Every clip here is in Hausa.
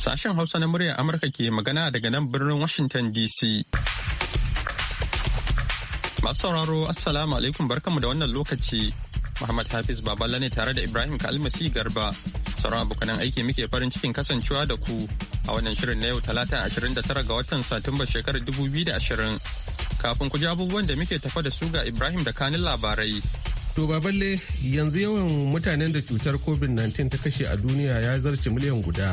Sashen Hausa na muryar Amurka ke magana daga nan birnin Washington DC. Masu sauraro Assalamu alaikum barkanmu da wannan lokaci. Muhammad Hafiz Baballa ne tare da Ibrahim Kalmasi Garba. Sauran abokanan aiki muke farin cikin kasancewa da ku a wannan shirin na yau talata 29 ga watan Satumba shekarar 2020. Kafin ku ji abubuwan da muke tafa da su ga Ibrahim da kanin labarai. To baballe yanzu yawan mutanen da cutar COVID-19 ta kashe a duniya ya zarce miliyan guda.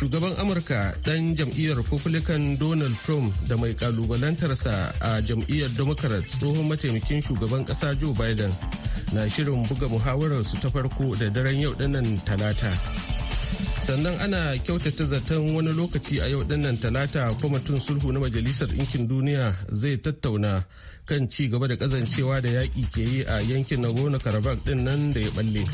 shugaban amurka dan jam'iyyar republican donald trump da mai kalubalantarsa a jam'iyyar democrat tsohon mataimakin shugaban kasa joe biden na shirin buga muhawararsu ta farko da daren yau dinnan talata sannan ana kyautata zaton wani lokaci a yau dinnan talata kwamitin sulhu na majalisar ɗinkin duniya zai tattauna kan ci gaba da kazancewa da yaƙi ke yi a yankin nagorno karabakh din nan da ya balle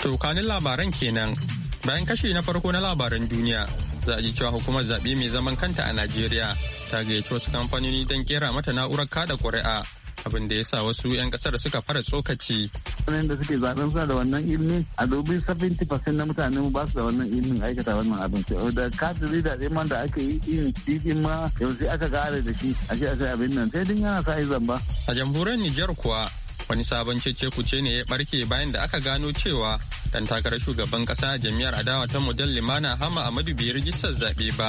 to labaran kenan bayan kashi na farko na labaran duniya za a ji cewa hukumar zaɓe mai zaman kanta a najeriya ta gayyaci wasu kamfanoni don kera mata na'urar kada ƙuri'a abin da ya sa wasu 'yan kasar suka fara tsokaci. wani da suke zaben suna da wannan ilimin a dubi 70% na mutane ba su da wannan ilimin aikata wannan abin. Da zai zai man da aka yi irin cikin ma yanzu aka gare da shi a ce a sai abin nan sai din yana sa izan ba. A jamhuriyar Nijar kuwa wani sabon cece-kuce ne ya barke bayan da aka gano cewa dan takarar shugaban kasa jami'ar adawa ta model limana hama amadu biyar rijistar zaɓe ba.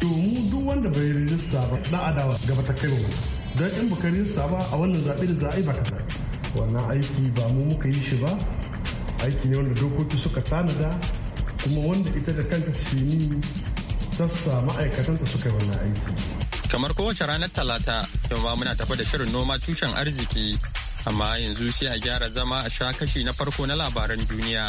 Domin duk wanda bai rijista ba na adawa gaba ta kai don in bukarin rinsa ba a wannan zaɓe da za yi ba ka zaɓe wannan aiki ba mu muka yi shi ba aiki ne wanda dokoki suka tanada kuma wanda ita da kanta sini sassa ma'aikatanta suka yi wannan aiki kamar kowace ranar talata yau ma muna tafi da shirin noma tushen arziki amma yanzu sai a gyara zama a sha kashi na farko na labaran duniya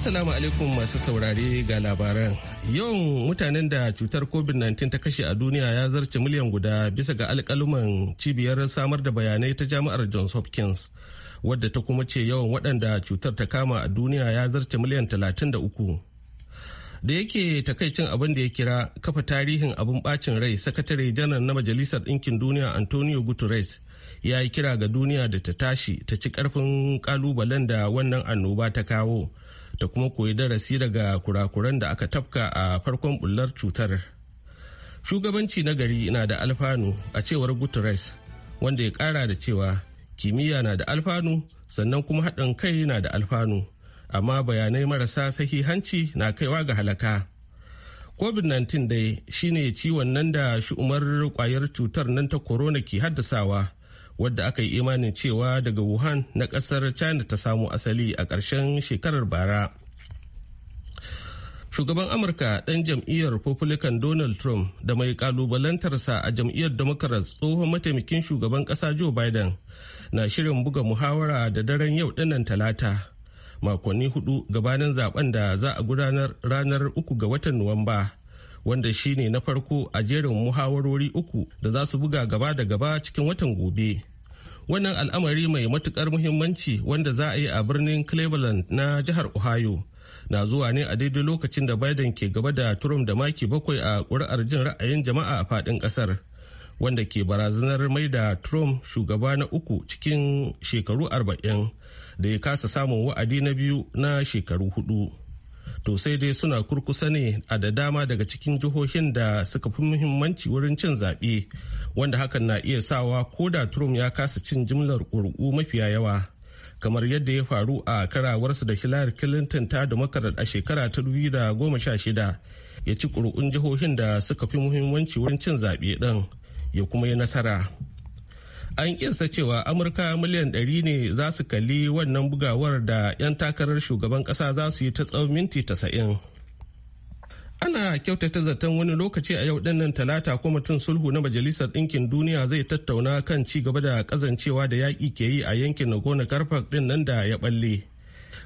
Assalamu alaikum masu saurare ga labaran. Yau mutanen da cutar COVID-19 ta kashe a duniya ya zarce miliyan guda bisa ga alkaluman cibiyar samar da bayanai ta jami'ar Johns Hopkins, wadda ta kuma ce yawan waɗanda cutar ta kama a duniya ya zarce miliyan 33. Da yake takaicin abin da ya kira kafa tarihin abin bacin rai, sakatare janar na Majalisar Ɗinkin Duniya Antonio Guterres ya yi kira ga duniya da ta tashi ta ci karfin kalubalen da wannan annoba ta kawo. Da kuma koyi darasi daga kurakuran da aka tafka a farkon bullar cutar shugabanci na gari na da alfanu a cewar guterres wanda ya kara da cewa kimiyya na da alfanu sannan kuma haɗin kai na da alfanu amma bayanai marasa sahihanci na kaiwa ga halaka covid-19 dai shine ciwon nan da shi'umar kwayar cutar nan ta corona ke haddasawa wadda aka yi imanin cewa daga wuhan na kasar china ta samu asali a ƙarshen shekarar bara shugaban amurka ɗan jam'iyyar republican donald trump da mai kalubalantarsa a jam'iyyar democrats tsohon mataimakin shugaban ƙasa joe biden na shirin buga muhawara da daren yau dinnan talata makonni hudu gabanin zaben da za a gudanar ranar uku ga watan nuwamba wanda shine na farko a jerin muhawarori uku da za su buga gaba da gaba cikin watan gobe wannan al'amari mai matukar muhimmanci wanda za a yi a birnin cleveland na jihar ohio na zuwa ne a daidai lokacin da biden ke gaba da trump da maki bakwai a ƙuri'ar jin ra'ayin jama'a a fadin kasar wanda ke barazanar mai da trump shugaba na uku cikin shekaru arba'in da ya kasa samun wa'adi na biyu na shekaru hudu to sai dai suna kurkusa ne a da dama daga cikin jihohin da suka fi muhimmanci wurin cin zaɓe wanda hakan na iya sawa ko da trump ya kasa cin jimlar ƙuri'u mafiya yawa kamar yadda ya faru a karawarsa da hillary clinton ta democrat a shekara ta 2016 ya ci ƙuri'un jihohin da suka fi muhimmanci wurin cin zaɓe ɗin ya kuma yi nasara. an kinsa cewa amurka miliyan 100 ne za su kalli wannan bugawar da 'yan takarar shugaban kasa za su yi ta tsawon minti 90 ana kyautata zaton wani lokaci a yau dinnan talata kuma kwamitin sulhu na majalisar ɗinkin duniya zai tattauna kan ci gaba da kazancewa da yaƙi ke yi a yankin nagorno karfak din nan da ya balle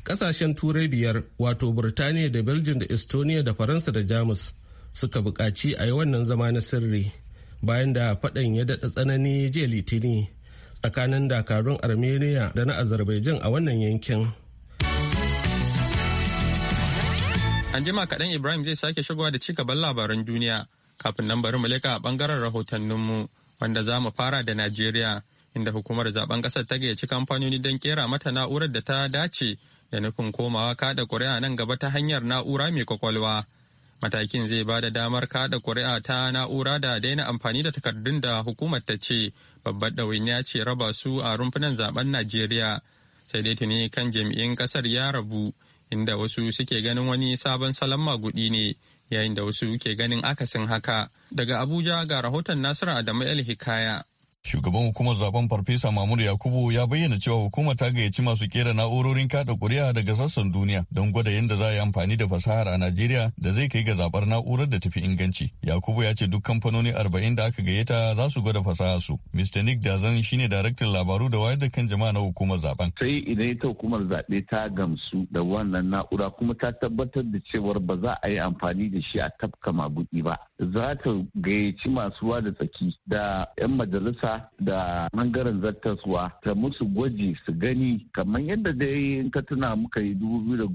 ƙasashen turai biyar wato burtaniya da belgium da estonia da faransa da jamus suka buƙaci a yi wannan zama na sirri bayan da faɗan ya daɗa tsanani jiya litini tsakanin dakarun armenia da na azerbaijan a wannan yankin an jima kaɗan ibrahim zai sake shigowa da cigaban labaran duniya kafin nan bari mu a ɓangaren rahotanninmu wanda za mu fara da najeriya inda hukumar zaben ƙasar ta gayyaci kamfanoni don kera mata na'urar da ta dace da nufin komawa kada ƙuri'a nan gaba ta hanyar na'ura mai kwakwalwa Matakin zai ba da damar kada kuri'a ta na'ura da daina amfani da takardun da hukumar ta ce babbar ɗawainiya ce raba su a rumfunan zaben Najeriya. Sai dai tuni kan jami'in ƙasar ya rabu inda wasu suke ganin wani sabon salon maguɗi ne yayin da wasu ke ganin akasin haka. Daga Abuja ga rahoton Nasiru Adamu El Hikaya. Shugaban hukumar zaben Farfesa Mamudu Yakubu ya bayyana cewa hukumar ta gayyaci masu kera na'urorin kada kuri'a daga sassan duniya don gwada yadda za a yi amfani da fasahar a Najeriya da zai kai ga zabar na'urar da tafi inganci. Yakubu ya ce duk kamfanoni arba'in da aka gayyata za su gwada fasahar su. Mr. Nick Dazan shine daraktan labaru da wayar da kan jama'a na hukumar zaben. Sai idan ita hukumar zaɓe ta gamsu da wannan na'ura kuma ta tabbatar da cewar ba za a yi amfani da shi a tafka maguɗi ba. za ta gayyaci masu ruwa da tsaki da 'yan majalisa da bangaren zattaswa ta musu gwaji su gani kamar yadda dai in ka tuna muka yi hudu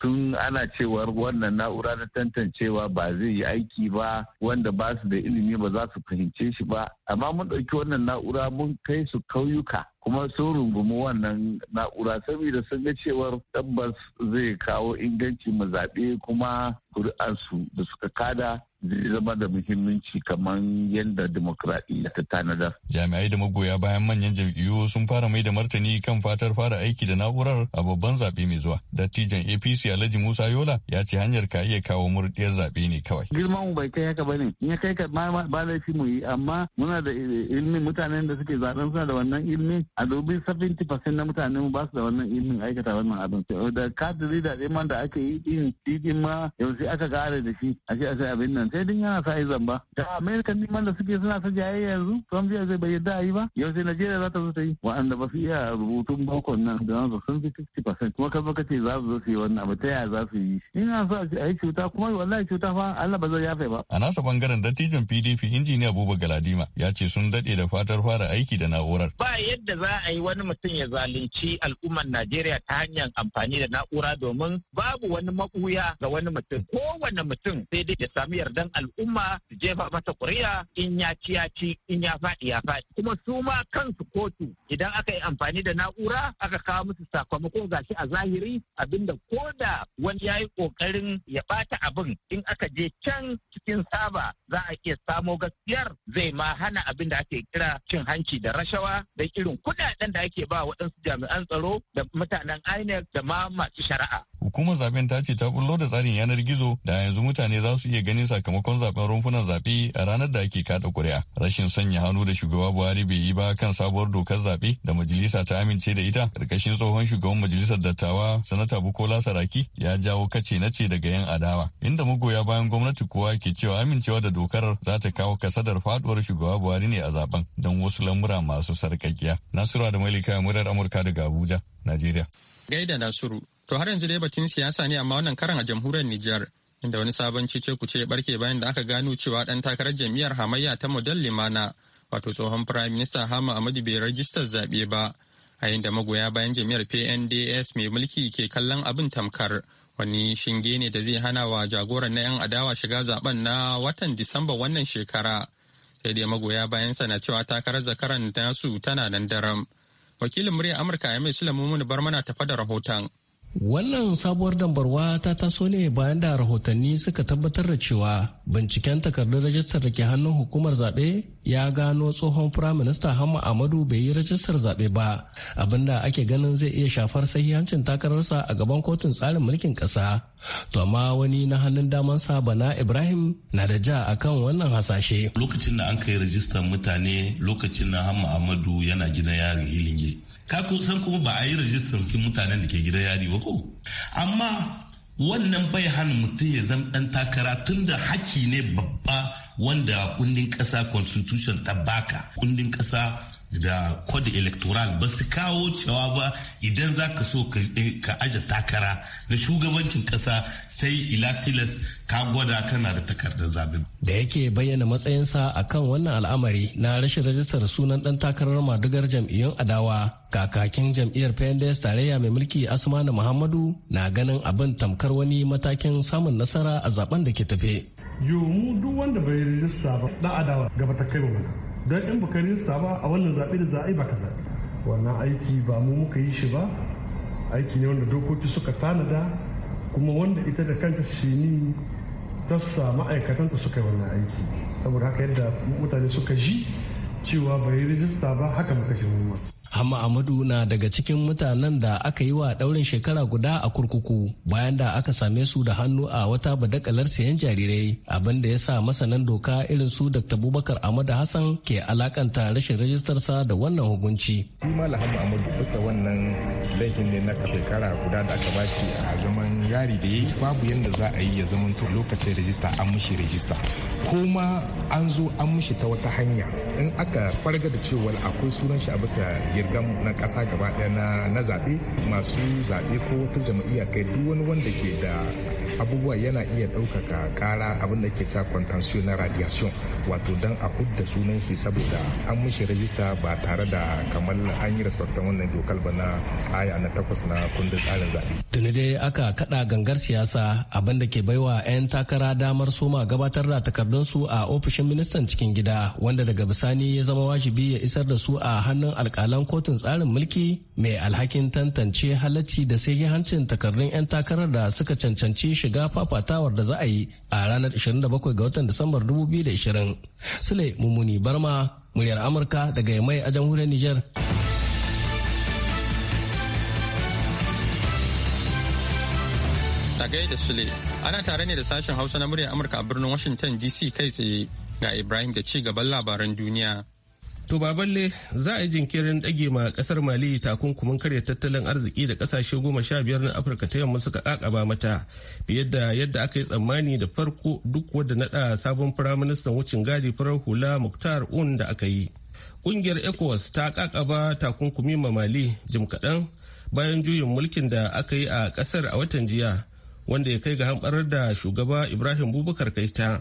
tun ana cewar wannan na'ura na tantancewa ba zai yi aiki ba wanda ba su da ilimi ba za su fahimce shi ba amma mun ɗauki wannan na'ura mun kai su kauyuka kuma sun rungumi wannan na'ura saboda sun ga cewar tabbas zai kawo inganci mu zaɓe kuma kuri'arsu da suka kada zai zama da muhimmanci kamar yadda demokradiyya ta tanadar. Jami'ai da magoya bayan manyan jam'iyyu sun fara mai da martani kan fatar fara aiki da na'urar a babban zaɓe mai zuwa. Dattijan APC Alhaji Musa Yola ya ce hanyar ka iya kawo murɗiyar zaɓe ne kawai. Girman bai kai haka ba ne in ya kai ka ba laifi mu yi amma muna da ilmi mutanen da suke zaben suna da wannan ilmi a dubi 70% na mutane mu ba su da wannan ilmin aikata wannan abin da kadiri da man da ake yi din didin ma yau sai aka kare da shi a ce a sai abin nan sai din yana sa yi zamba da american neman da suke suna sa jaye yanzu trump zai zai bai yadda a yi ba yau sai najeriya za ta zo ta yi wa'anda ba su iya rubutun bakon nan da nan sun fi 60% kuma kan ka ce za su zo su yi wannan abu ta yaya za su yi ina sa a yi cuta kuma wallahi cuta fa Allah ba zai yafe ba a nasa bangaren dattijan PDP injiniya abubakar Galadima ya ce sun dade da fatar fara aiki da na'urar. Ba yadda za a yi wani mutum ya zalunci al'ummar Najeriya ta hanyar amfani da na'ura domin babu wani makuya ga wani mutum. Kowane mutum sai dai ya sami yardan al'umma su jefa mata ƙuri'a in ya ci ya ci in ya faɗi ya faɗi. Kuma su ma kansu kotu idan aka yi amfani da na'ura aka kawo musu sakamako gashi a zahiri abinda ko da wani ya yi ƙoƙarin ya bata abin in aka je can cikin saba za a iya samo gaskiyar zai ma wannan abin da ake kira cin hanci da rashawa da irin kudaden da ake ba waɗansu jami'an tsaro da mutanen INEC da ma masu shari'a. Hukumar zaben ta ce ta bullo da tsarin yanar gizo da yanzu mutane za su iya ganin sakamakon zaben rumfunan zaɓe a ranar da ake kada kuri'a. Rashin sanya hannu da shugaba Buhari bai yi ba kan sabuwar dokar zaɓe da majalisa ta amince da ita ƙarƙashin tsohon shugaban majalisar dattawa sanata Bukola Saraki ya jawo kace na ce daga yan adawa inda magoya bayan gwamnati kuwa ke cewa amincewa da dokar za ta kawo kasadar faduwar shugaba buhari ne a zaben don wasu lamura masu sarkakiya nasiru da malika murar amurka daga abuja najeriya gaida nasiru to har yanzu dai batun siyasa ne amma wannan karan a jamhuriyar nijar inda wani sabon cece kuce ya barke bayan da aka gano cewa dan takarar jam'iyyar hamayya ta model limana wato tsohon firayim minista hama amadu bai rajistar zaɓe ba a yayin magoya bayan jam'iyyar pnds mai mulki ke kallon abin tamkar wani shinge ne da zai hana wa jagoran na 'yan adawa shiga zaben na watan disamba wannan shekara sai dai magoya bayansa na cewa takarar zakaran nasu tana nan daram wakilin muryar amurka ya mai sulamu bar mana tafa da rahoton wannan sabuwar dambarwa ta taso ne bayan da rahotanni suka tabbatar da cewa binciken takardun rajistar da ke hannun hukumar zaɓe ya gano tsohon firaminista hamma amadu bai yi rajistar zaɓe ba abinda ake ganin zai iya shafar sahihancin takararsa a gaban kotun tsarin mulkin ƙasa to amma wani na hannun daman sa bana ibrahim na da ja a kan wannan hasashe lokacin da an kai rajistar mutane lokacin na hamma amadu yana gina yarin ilinge ka san kuma ba a yi rajistar mutanen da ke gida yari ba ko amma wannan bai hana mutum ya zama dan takara tunda haki ne babba wanda kundin ƙasa constitution ta baka kundin ƙasa da kwadi electoral ba su kawo cewa ba idan za ka so ka aje takara na shugabancin kasa sai ilatilas ka gwada kana da takardar zabe. da yake bayyana matsayinsa a kan wannan al'amari na rashin rajistar sunan dan takarar madugar jam'iyyun adawa kakakin jam'iyyar pendes tarayya mai mulki asmanu muhammadu na ganin abin tamkar wani matakin samun nasara a zaben da ke tafe. yomu duk wanda bai rajista ba da adawa gaba ta kai ba don in baka rijista ba a wannan zaɓe da za'a yi ba kaza wannan aiki ba mu muka yi shi ba aiki ne wanda dokoki suka tanada kuma wanda ita da kanta sini ta sa ma'aikatanta suka yi wannan aiki saboda haka yadda mutane suka ji cewa bai rijista ba haka muka ji mu Ahmad Amadu na daga cikin mutanen da aka yi wa daurin shekara guda a kurkuku bayan da aka same su da hannu a wata badakalar siyan jarirai abin da ya sa masanan doka irin su Dr. Bubakar Ahmadu Hassan ke alakanta rashin sa da wannan hukunci. Shi Malam Ahmadu bisa wannan laifin ne na shekara guda da aka bashi a zaman yari da yayi babu yadda za a yi ya zama to lokacin rajista an mushi rajista kuma an zo an mushi ta wata hanya in aka farga da cewa akwai sunan shi a bisa gam na kasa gaba daya na zaɓe masu zaɓe ko wata jam'iyya kai duk wani wanda ke da abubuwa yana iya ɗaukaka kara abin da ke ta contention na radiation wato don a hudda sunan shi saboda an mushi rajista ba tare da kamar an yi respectan wannan dokal ba na aya na takwas na kundin tsarin zaɓe. Tuni dai aka kaɗa gangar siyasa abin da ke baiwa 'yan takara damar soma gabatar da takardun su a ofishin ministan cikin gida wanda daga bisani ya zama wajibi ya isar da su a hannun alƙalan kotun tsarin mulki mai alhakin tantance halacci da sai hancin takardun 'yan takarar da suka cancanci shiga fafatawar da za a yi a ranar 27 ga watan Disambar 2020. Sule Mummuni Barma, muryar Amurka daga mai a jamhuriyar Nijar. Tagai da Sule, ana tare ne da sashen Hausa na muryar Amurka a birnin Washington DC kai tsaye ga Ibrahim da ci gaban labaran duniya. To baballe za a yi jinkirin dage ma kasar Mali takunkumin karya tattalin arziki da kasashe goma sha biyar na Afirka ta yamma suka ƙaƙaba mata fiye da yadda aka yi tsammani da farko duk wadda naɗa sabon firaministan wucin gadi farar hula Muktar Un da aka yi. kungiyar ECOWAS ta ƙaƙaba takunkumi ma Mali jim kaɗan bayan juyin mulkin da aka yi a kasar a watan jiya wanda ya kai ga hamɓarar da shugaba Ibrahim Bubakar Kaita.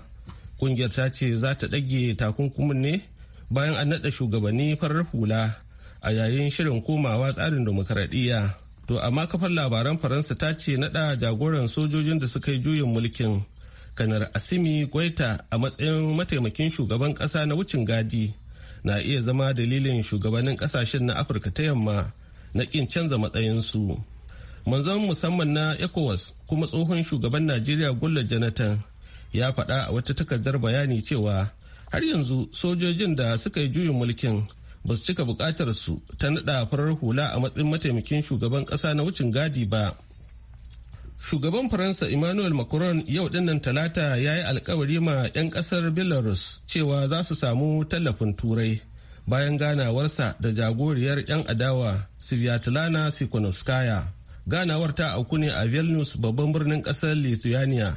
kungiyar ta ce za ta ɗage takunkumin ne bayan an naɗa shugabanni farar hula a yayin shirin komawa tsarin demokaradiyya to amma kafar labaran faransa ta ce naɗa jagoran sojojin da suka yi juyin mulkin kanar asimi gwaita a matsayin mataimakin shugaban ƙasa na wucin gadi na iya zama dalilin shugabannin ƙasashen na afirka ta yamma na ƙin canza matsayinsu manzon musamman na ecowas kuma tsohon shugaban najeriya gullar jonathan ya faɗa a wata takardar bayani cewa har yanzu sojojin da suka yi juyin mulkin ba su cika bukatar su ta nada farar hula a matsayin mataimakin shugaban kasa na wucin gadi ba shugaban faransa emmanuel macron yau dinnan talata ya yi alkawari ma 'yan kasar belarus cewa za su samu tallafin turai bayan ganawarsa da jagoriyar 'yan adawa sviatlana sikonovskaya ganawar ta auku ne a vilnius babban birnin kasar lithuania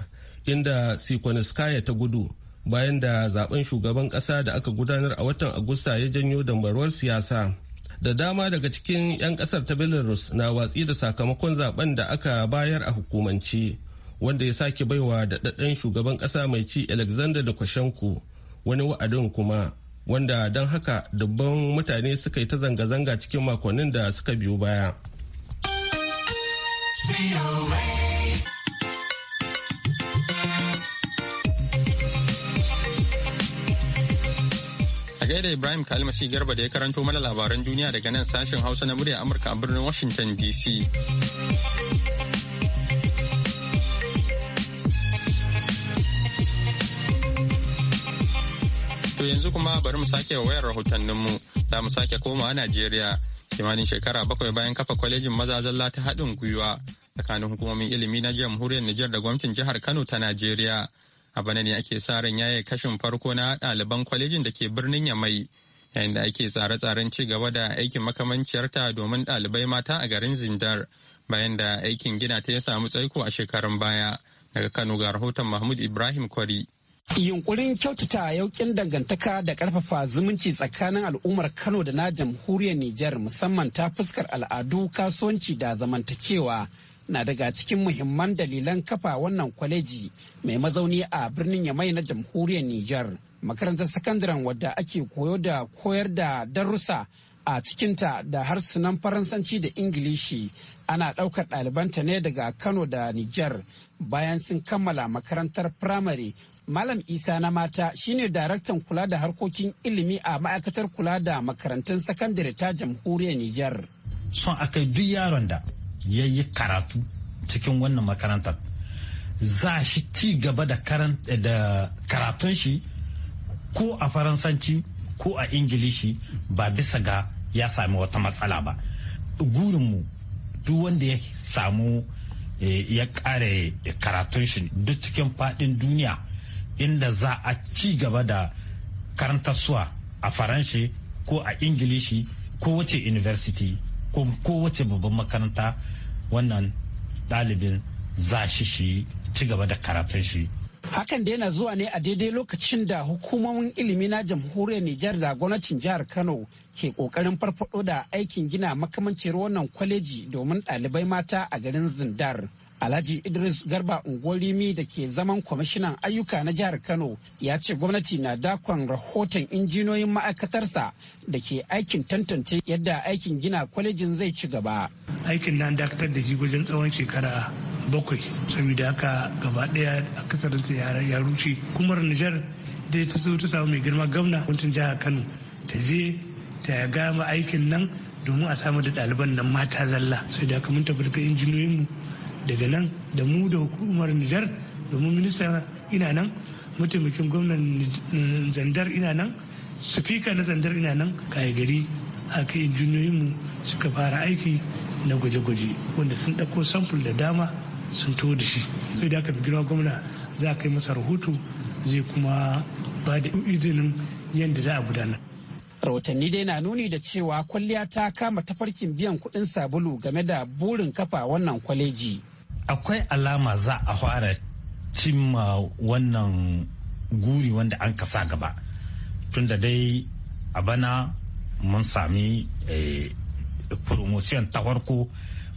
inda sikonovskaya ta gudu bayan da zaben shugaban ƙasa da aka gudanar a watan agusta ya janyo dambarwar siyasa da dama daga cikin 'yan kasar ta belarus na watsi da sakamakon zaben da aka bayar a hukumance wanda ya sake baiwa da daɗaɗɗen shugaban ƙasa mai ci alexander lukashenko wani wa'adin kuma wanda don haka dubban mutane suka yi ta zanga-zanga cikin makonnin da suka biyo baya. A gaida Ibrahim Kalmasi Garba da ya karanto mana labaran duniya daga nan sashen Hausa na murya Amurka a birnin Washington DC. To yanzu kuma bari mu sake wayar rahotanninmu za mu sake komawa Najeriya kimanin shekara bakwai bayan kafa kwalejin mazazalla ta haɗin gwiwa tsakanin hukumomin ilimi na jamhuriyar Nijar da gwamnatin jihar Kano ta Najeriya. a bana ne ake sa ran yaye kashin farko na ɗaliban kwalejin da ke birnin yamai yayin da ake tsare-tsaren ci gaba da aikin ta domin ɗalibai mata a garin zindar bayan da aikin gina ta ya samu tsaiko a shekarun baya daga kano ga rahoton mahmud ibrahim kwari yunkurin kyautata yaukin dangantaka da karfafa zumunci tsakanin al'ummar kano da na jamhuriyar nijar musamman ta fuskar al'adu kasuwanci da zamantakewa na daga cikin muhimman dalilan kafa wannan kwaleji mai mazauni a birnin yamai na jamhuriyar Nijar. Makarantar sakandaren wadda ake koyo da koyar da darussa a cikinta da harsunan faransanci da ingilishi ana ɗaukar ɗalibanta ne daga kano da Nijar. bayan sun kammala makarantar firamare malam isa na mata shine daraktan kula da harkokin ilimi a ma'aikatar kula da makarantun sakandare ta jamhuriyar Nijar. son aka duk yaron da ya yi karatu cikin wannan makarantar za shi ci gaba da karatun shi ko a faransanci ko a ingilishi ba bisa ga ya sami wata matsala ba gurinmu duk wanda ya samu eh, ya kare karatun shi duk cikin fadin duniya inda za a ci gaba da suwa a faranshi ko a ingilishi ko wace university kowace babban makaranta wannan ɗalibin za shi shi ci gaba da karatun shi Hakan da yana zuwa ne a daidai lokacin da hukumomin ilimi na jamhuriyar Nijar da gwamnatin jihar Kano ke kokarin farfado da aikin gina makamancin wannan kwaleji domin ɗalibai mata a garin Zindar. Alhaji Idris Garba Ungolimi da ke zaman kwamishinan ayyuka na jihar Kano ya ce gwamnati na dakon rahoton injiniyoyin ma'aikatarsa da ke aikin tantance yadda aikin gina kwalejin zai ci gaba. Aikin nan dakatar da shi wajen tsawon shekara bakwai saboda haka gaba daya a kasarinsa ya rushe kuma Nijar da ta so ta samu mai girma gwamna wancan jihar Kano ta je ta gama aikin nan domin a samu da ɗaliban nan mata zalla sai da haka mun tabbatar injiniyoyinmu daga nan da mu da hukumar nijar domin minista ina nan mataimakin gwamnan zandar ina nan sufika na zandar ina nan kayi gari injiniyoyin mu suka fara aiki na gwaje-gwaje wanda sun ɗauko samfur da dama sun to da shi sai da aka fi girma gwamna za a kai masa rahoto zai kuma ba da izinin yadda za a gudanar rahotanni dai na nuni da cewa kwalliya ta kama tafarkin biyan kuɗin sabulu game da burin kafa wannan kwaleji akwai alama za a fara cimma wannan guri wanda an kasa gaba tunda dai a bana mun sami eh, promotion ta farko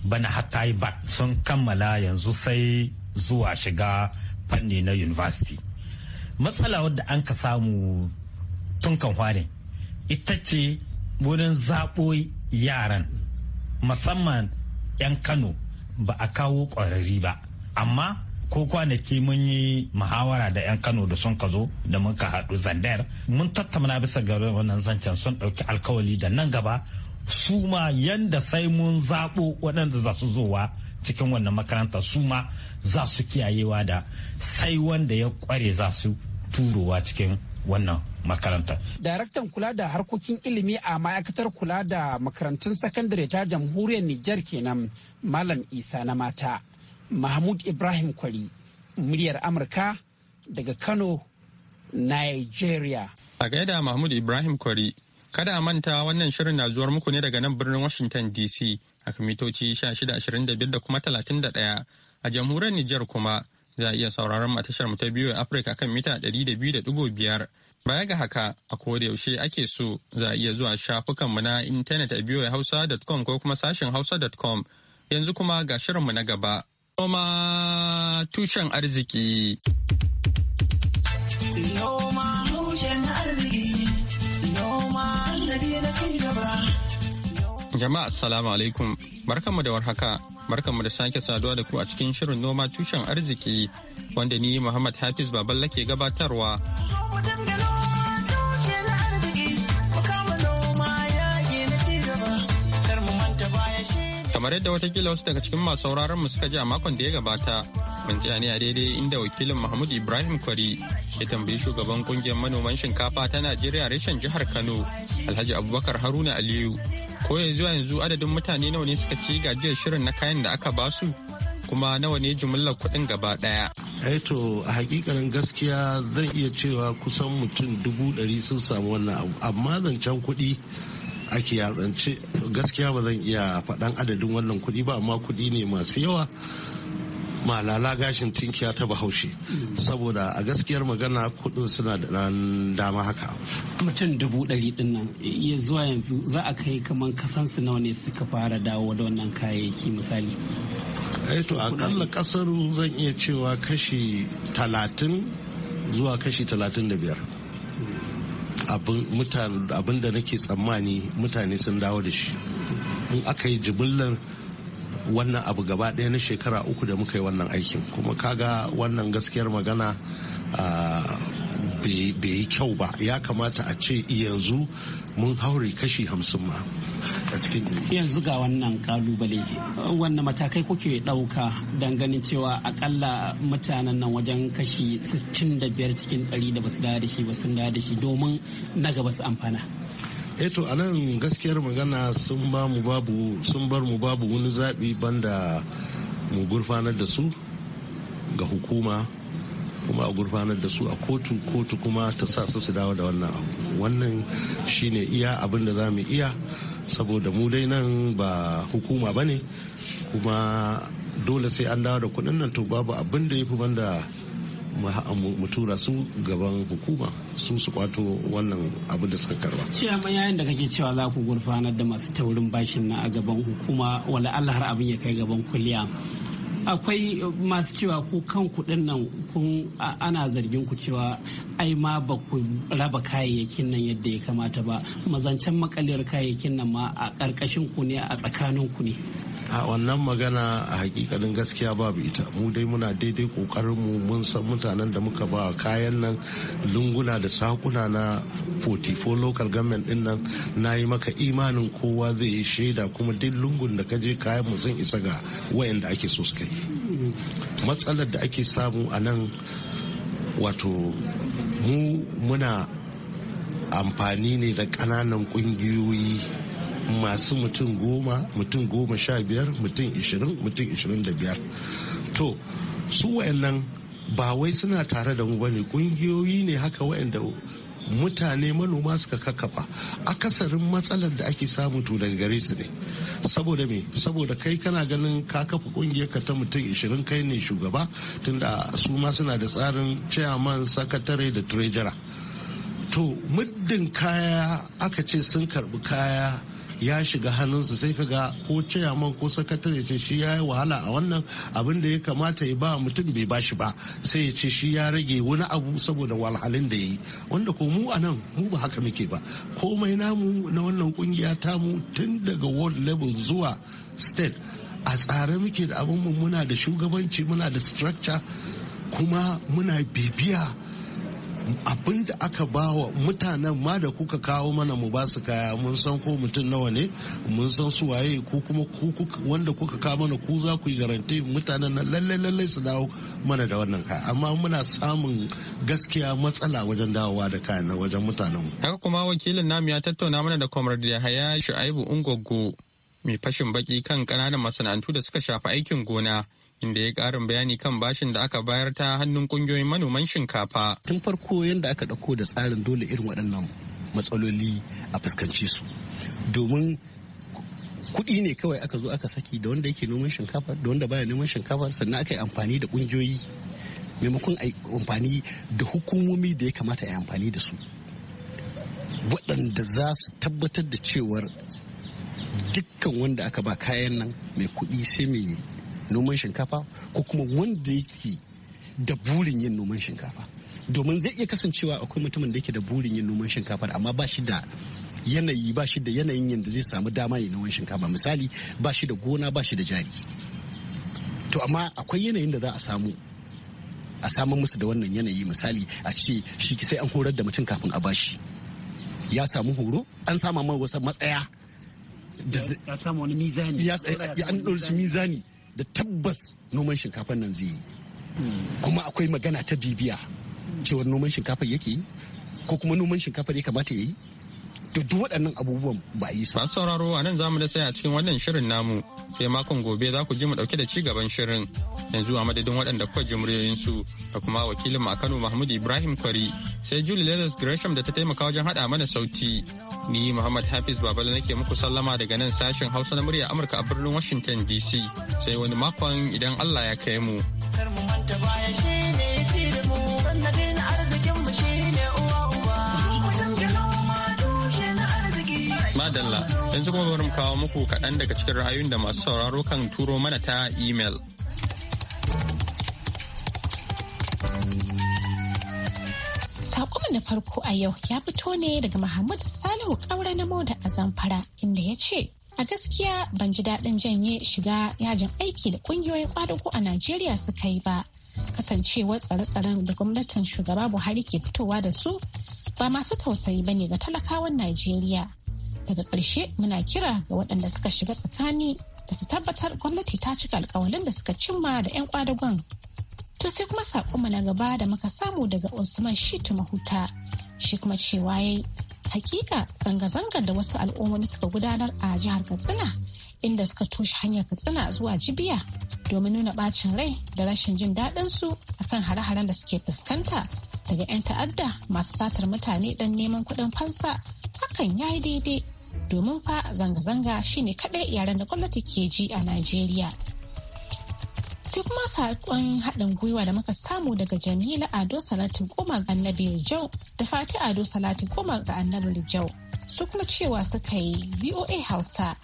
bana hata yi ba sun kammala yanzu sai zuwa shiga fanni na university matsala wadda an ka samu tun kan ita ce wurin zaɓo yaran musamman 'yan kano ba a kawo ƙwararri ba amma ko kwanaki mun yi muhawara da 'yan kano da sun ka zo da mun ka haɗu zandar mun tattauna bisa ga wannan zancen sun ɗauki alkawali da nan gaba su ma yanda sai mun zaɓo waɗanda za su zowa cikin wannan makaranta su ma za su kiyayewa da sai wanda ya ƙware za su turowa cikin wannan makaranta. Daraktan kula da harkokin ilimi a ma'aikatar kula da makarantun sakandare ta jamhuriyar Nijar kenan Malam Isa na mata. Mahmud Ibrahim Kwari, muryar Amurka daga Kano, Nigeria. A gaida Mahmud Ibrahim Kwari, kada a manta wannan shirin na zuwar muku ne daga nan birnin Washington DC a mitoci 1625 da kuma 31 a jamhuriyar Nijar kuma za a iya sauraron tashar mu ta biyu Afirka kan mita 200.5. Baya ga haka, a yaushe ake so za a iya zuwa shafukanmu na intanet a biyu hausa.com ko kuma sashen hausa.com. Yanzu kuma ga shirinmu na gaba. Noma tushen arziki. Jama'a assalamu alaikum. Barkanmu da warhaka. Barkanmu da sake saduwa da ku a cikin shirin noma tushen arziki wanda ni Muhammad Hafiz Baballa ke gabatarwa. Kamar yadda watakila wasu daga cikin masu sauraron mu suka ji a makon da ya gabata, mun ji ne a daidai inda wakilin Mahmud Ibrahim Kwari ya tambayi shugaban kungiyar manoman shinkafa ta Najeriya reshen jihar Kano, Alhaji Abubakar Haruna Aliyu ko yanzu adadin mutane nawa ne suka ci gajiyar shirin na kayan da aka basu kuma nawa ne jimillar kuɗin gaba ɗaya. Eh to a hakikanin gaskiya zan iya cewa kusan mutum dubu ɗari sun samu wannan abu amma zancen kuɗi ake yatsance gaskiya ba zan iya faɗan adadin wannan kuɗi ba amma kuɗi ne masu yawa malala gashin tinkiya ta bahaushe saboda a gaskiyar magana kudin suna da dama haka mutum dubu ɗari din nan iya zuwa yanzu za a kai kamar kasansu nawa ne suka fara dawo da wannan kayayyaki misali eh to akalla kasar zan iya cewa kashi talatin zuwa kashi talatin da biyar abin da nake tsammani mutane sun dawo da shi in aka yi jibillar wannan abu gaba ɗaya na shekara uku da muka yi wannan aikin kuma kaga wannan gaskiyar magana bai yi kyau ba ya kamata a ce yanzu mun haure kashi hamsin ma a cikin yanzu ga wannan kalubale wannan matakai kuke ɗauka don ganin cewa akalla mutanen nan wajen kashi 65 cikin 100 da basu da shi basu da shi domin na gaba su amfana eto eh a nan gaskiyar magana sun ba mu babu sun bar mu babu wani zaɓi banda mu gurfanar da su ga hukuma kuma a gurfanar da su a kotu kotu kuma ta sa su su dawo da wannan abu wannan shine iya abin da za mu iya saboda mu dai nan ba hukuma ba ne kuma dole sai an dawo da kuɗin nan to babu abin da ya fi banda mu tura su gaban hukuma su su kwato wannan abu da suka karba. ma yayin da kake cewa za ku gurfanar da masu taurin bashin na a gaban hukuma wala Allah har abin ya kai gaban kuliya. akwai masu cewa ku kan kuɗin nan kun ana zargin ku cewa ai ma ba ku raba kayayyakin nan yadda ya kamata ba mazancen makaliyar kayayyakin nan ma a ƙarƙashin ku ne a tsakanin ku ne a wannan magana a hakikalin gaskiya babu ita mu dai muna daidai kokarinmu mun san mutanen da muka ba kayan nan lunguna da sakuna na 44 local government din nan na yi maka imanin kowa zai yi shaida kuma duk lungun da kaje kayan mu sun isa ga wayanda ake so su kai matsalar da ake samu a nan wato mu muna amfani ne da ƙananan ƙungiyoyi masu mutum goma mutum goma sha biyar mutum ishirin mutum ishirin da biyar to su wayannan ba wai suna tare da mu bane kungiyoyi ne haka wayanda mutane manoma suka kakkafa akasarin matsalar da ake samu to daga gare su ne saboda me saboda kai kana ganin ka kafa kungiyar ka ta mutum 20 kai ne shugaba tunda su ma suna da tsarin chairman sakatare da treasurer to muddin kaya aka ce sun karbi kaya ya shiga hannunsu sai ka ga ko chairman ko sakatare ce shi ya yi wahala a wannan abin da ya kamata ya ba mutum bai bashi ba sai ya ce shi ya rage wani abu saboda walhalin da ya yi wanda ko mu a nan mu ba haka muke ba komai namu na wannan kungiya mu tun daga world level zuwa state a tsare muke da abin muna da shugabanci muna da structure kuma muna bibiya abin da aka ba wa mutanen ma da kuka kawo mana mu ba su kaya mun san ko mutum nawa ne mun san su waye ko kuma wanda kuka kawo mana ku za ku yi garanti mutanen nan lallai lallai su dawo mana da wannan kaya amma muna samun gaskiya matsala wajen dawowa da kayan nan wajen mutanen mu haka kuma wakilin namu ya tattauna mana da comrade Yahaya Shu'aibu Ungoggo mai fashin baki kan kananan masana'antu da suka shafi aikin gona inda ya karin bayani kan bashin da aka bayar ta hannun kungiyoyin manoman shinkafa. Tun farko yadda aka ɗauko da tsarin dole irin waɗannan matsaloli a fuskance su. Domin kuɗi ne kawai aka zo aka saki da wanda yake noman shinkafa da wanda baya noman shinkafa sannan aka yi amfani da ƙungiyoyi maimakon a amfani da hukumomi da ya kamata a yi amfani da su. Waɗanda za su tabbatar da cewar dukkan wanda aka ba kayan nan mai kuɗi sai mai noman shinkafa ko kuma wanda yake da burin yin noman shinkafa domin zai iya kasancewa akwai mutumin da yake da burin yin noman shinkafa amma ba shi da yanayi ba shi da yanayin yadda zai samu dama yin noman shinkafa misali ba shi da gona ba shi da jari to amma akwai yanayin da za a samu a samu musu da wannan yanayi misali a ce shi sai an horar da mutum kafin a bashi ya samu horo an sama mai matsaya ya samu wani mizani ya an ɗorci mizani da tabbas noman shinkafan nan zai yi hmm. kuma akwai magana ta bibiya hmm. Cewa noman shinkafa yake ko kuma noman shinkafa ya kamata ya yi da duk waɗannan abubuwan ba yi masu sauraro a nan za zamu da sai a cikin wannan shirin namu sai makon gobe za ku ji mu ɗauke da ci gaban shirin yanzu a madadin waɗanda kuka ji muryoyinsu da kuma wakilin mu a Kano Mahmud Ibrahim Kwari sai Julie Lazarus Gresham da ta taimaka wajen haɗa mana sauti ni Muhammad Hafiz Babala nake muku sallama daga nan sashen Hausa na murya Amurka a birnin Washington DC sai wani makon idan Allah ya kai mu. Kar mu manta baya shi Madalla, yanzu kuma bari mu kawo muku kaɗan daga cikin ra'ayoyin da masu sauraro kan turo mana ta email. Sakonmu na farko a yau ya fito ne daga Muhammad Salihu Kaura na Moda a Zamfara inda ya ce, A gaskiya ban ji daɗin janye shiga yajin aiki da ƙungiyoyin ƙwadago a Najeriya suka yi ba. Kasancewar tsare-tsaren da gwamnatin shugaba Buhari ke fitowa da su ba masu tausayi ne ga talakawan Najeriya. daga ƙarshe muna kira ga waɗanda suka shiga tsakani da su tabbatar gwamnati ta cika alkawalin da suka cimma da 'yan kwadagon to sai kuma saƙonmu na gaba da muka samu daga usman shitu mahuta shi kuma cewa ya yi hakika zanga-zangar da wasu al'ummomi suka gudanar a jihar katsina inda suka toshe hanyar katsina zuwa jibiya domin nuna bacin rai da rashin jin daɗin su akan hare-haren da suke fuskanta daga 'yan ta'adda masu satar mutane don neman kuɗin fansa hakan ya yi daidai domin fa zanga-zanga shine kadai yaren da gwamnati ke ji a Najeriya. Sai kuma saƙon haɗin gwiwa da muka samu daga Jamila Ado Salatu Goma ga Annabi Rijau da Fati Ado Salatu Goma ga Annabi Rijau. Su kuma cewa suka yi VOA Hausa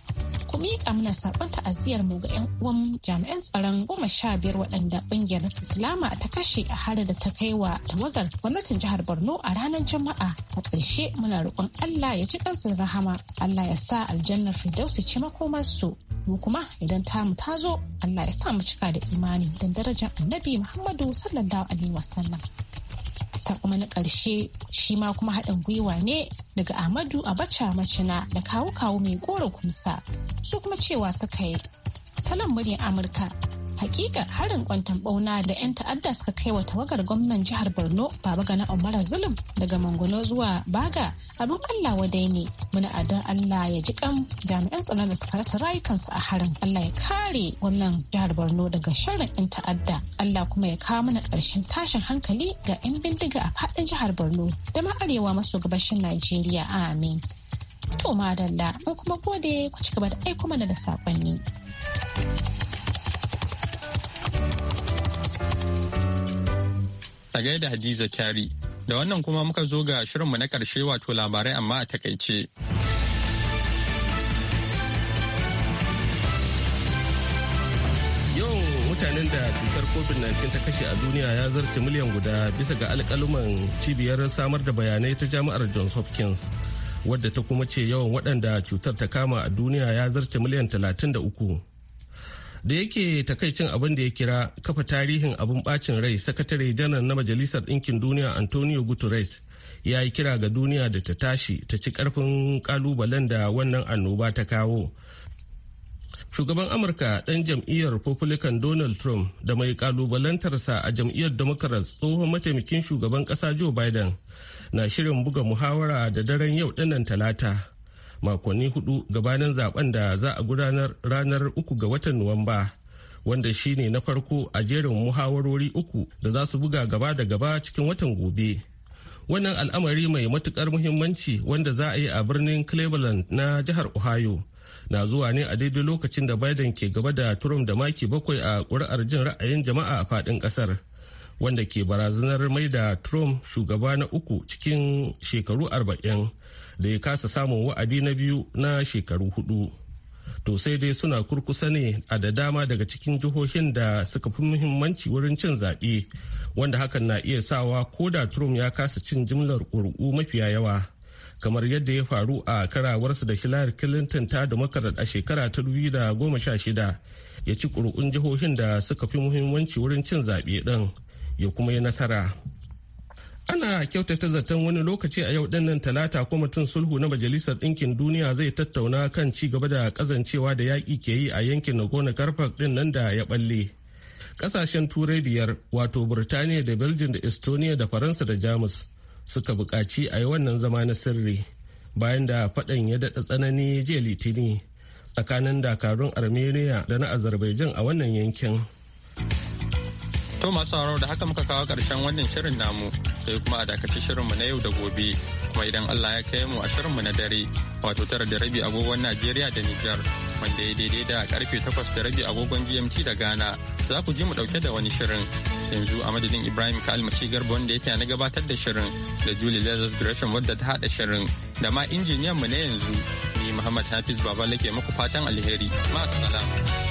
ku miƙa mana saƙon ta'aziyar mu ga 'yan uwan jami'an tsaron goma sha biyar waɗanda ƙungiyar Islama ta kashe a harin da ta kai wa tawagar gwamnatin jihar Borno a ranar Juma'a. A ƙarshe muna roƙon Allah ya ji ƙansu rahama, Allah ya sa aljannar Firdausi ce makomarsu. Mu kuma idan ta mu ta zo, Allah ya sa mu cika da imani don darajar Annabi Muhammadu sallallahu alaihi wasallam. wasa kuma na ƙarshe shi ma kuma haɗin gwiwa ne daga Ahmadu Abacha Macina da kawu kawu mai goro kumsa su kuma cewa suka yi. Salon murya Amurka hakika harin kwantan bauna da 'yan ta'adda suka kai wa tawagar gwamnan jihar borno baba gana umara zulum daga mangono zuwa baga abin allah wadai ne muna adon allah ya ji kan jami'an tsaron da suka rasa rayukansu a harin allah ya kare gwamnan jihar borno daga sharrin 'yan ta'adda allah kuma ya kawo mana karshen tashin hankali ga 'yan bindiga a faɗin jihar borno da ma arewa maso gabashin najeriya amin to madalla mun kuma gode ku ci gaba da aiko mana da saƙonni. a da Hadiza Kyari. Da wannan kuma muka zo ga shirinmu na karshe wato labarai amma a takaice. Yawan mutanen da cutar COVID-19 ta kashe a duniya ya zarce miliyan guda bisa ga alƙaluman cibiyar samar da bayanai ta jami'ar Johns Hopkins. wadda ta kuma ce yawan waɗanda cutar ta kama a duniya ya zarce miliyan 33 da yake takaicin abin da ya kira kafa tarihin abin bacin rai sakatare janar na majalisar ɗinkin duniya antonio guterres ya yi kira ga duniya da ta tashi ta ci karfin kalubalen da wannan annoba ta kawo shugaban amurka ɗan jam'iyyar republican donald trump da mai kalubalantarsa a jam'iyyar democrats tsohon mataimakin shugaban ƙasa joe biden na shirin buga muhawara da daren yau ɗanan talata makonni hudu gabanin zaben da za a gudanar ranar uku ga watan nuwamba wanda shine na farko a jerin muhawarori uku da za su buga gaba da gaba cikin watan gobe wannan al'amari mai matukar muhimmanci wanda za a yi a birnin cleveland na jihar ohio na zuwa ne a daidai lokacin da biden ke gaba da trump da maki bakwai a ƙuri'ar jin ra'ayin jama'a a faɗin ƙasar wanda ke barazanar mai da trump shugaba na uku cikin shekaru arba'in da ya kasa samun wa'adi na biyu na shekaru hudu to sai dai suna kurkusa ne a da dama daga cikin jihohin da suka fi muhimmanci wurin cin zaɓe wanda hakan na iya sawa ko da trump ya kasa cin jimlar ƙuri'u mafiya yawa kamar yadda ya faru a karawarsa da hillary clinton ta democrat a shekara ta shida ya ci ƙuri'un jihohin da suka fi muhimmanci wurin cin zaɓe ɗin ya kuma yi nasara ana kyautata zaton wani lokaci a yau dinnan talata mutum sulhu na majalisar ɗinkin duniya zai tattauna kan ci gaba da kazancewa da yaƙi ke yi a yankin nagorno karfak din nan da ya balle ƙasashen turai biyar wato burtaniya da belgium da estonia da faransa da jamus suka buƙaci a yi wannan zama na sirri bayan da faɗan ya daɗa tsanani jiya litini tsakanin dakarun armenia da na azerbaijan a wannan yankin to masu da haka muka kawo ƙarshen wannan shirin namu sai kuma a dakaci shirinmu na yau da gobe kuma idan Allah ya kai mu a shirinmu na dare wato tara da rabi agogon Najeriya da Nijar wanda ya daidai da karfe takwas da rabi agogon GMT da Ghana za ku ji mu dauke da wani shirin yanzu a madadin Ibrahim ka shi garba wanda yake na gabatar da shirin da Julie Lazarus Gresham wadda ta hada shirin da ma injiniyan mu na yanzu ni Muhammad Hafiz lake muku fatan alheri ma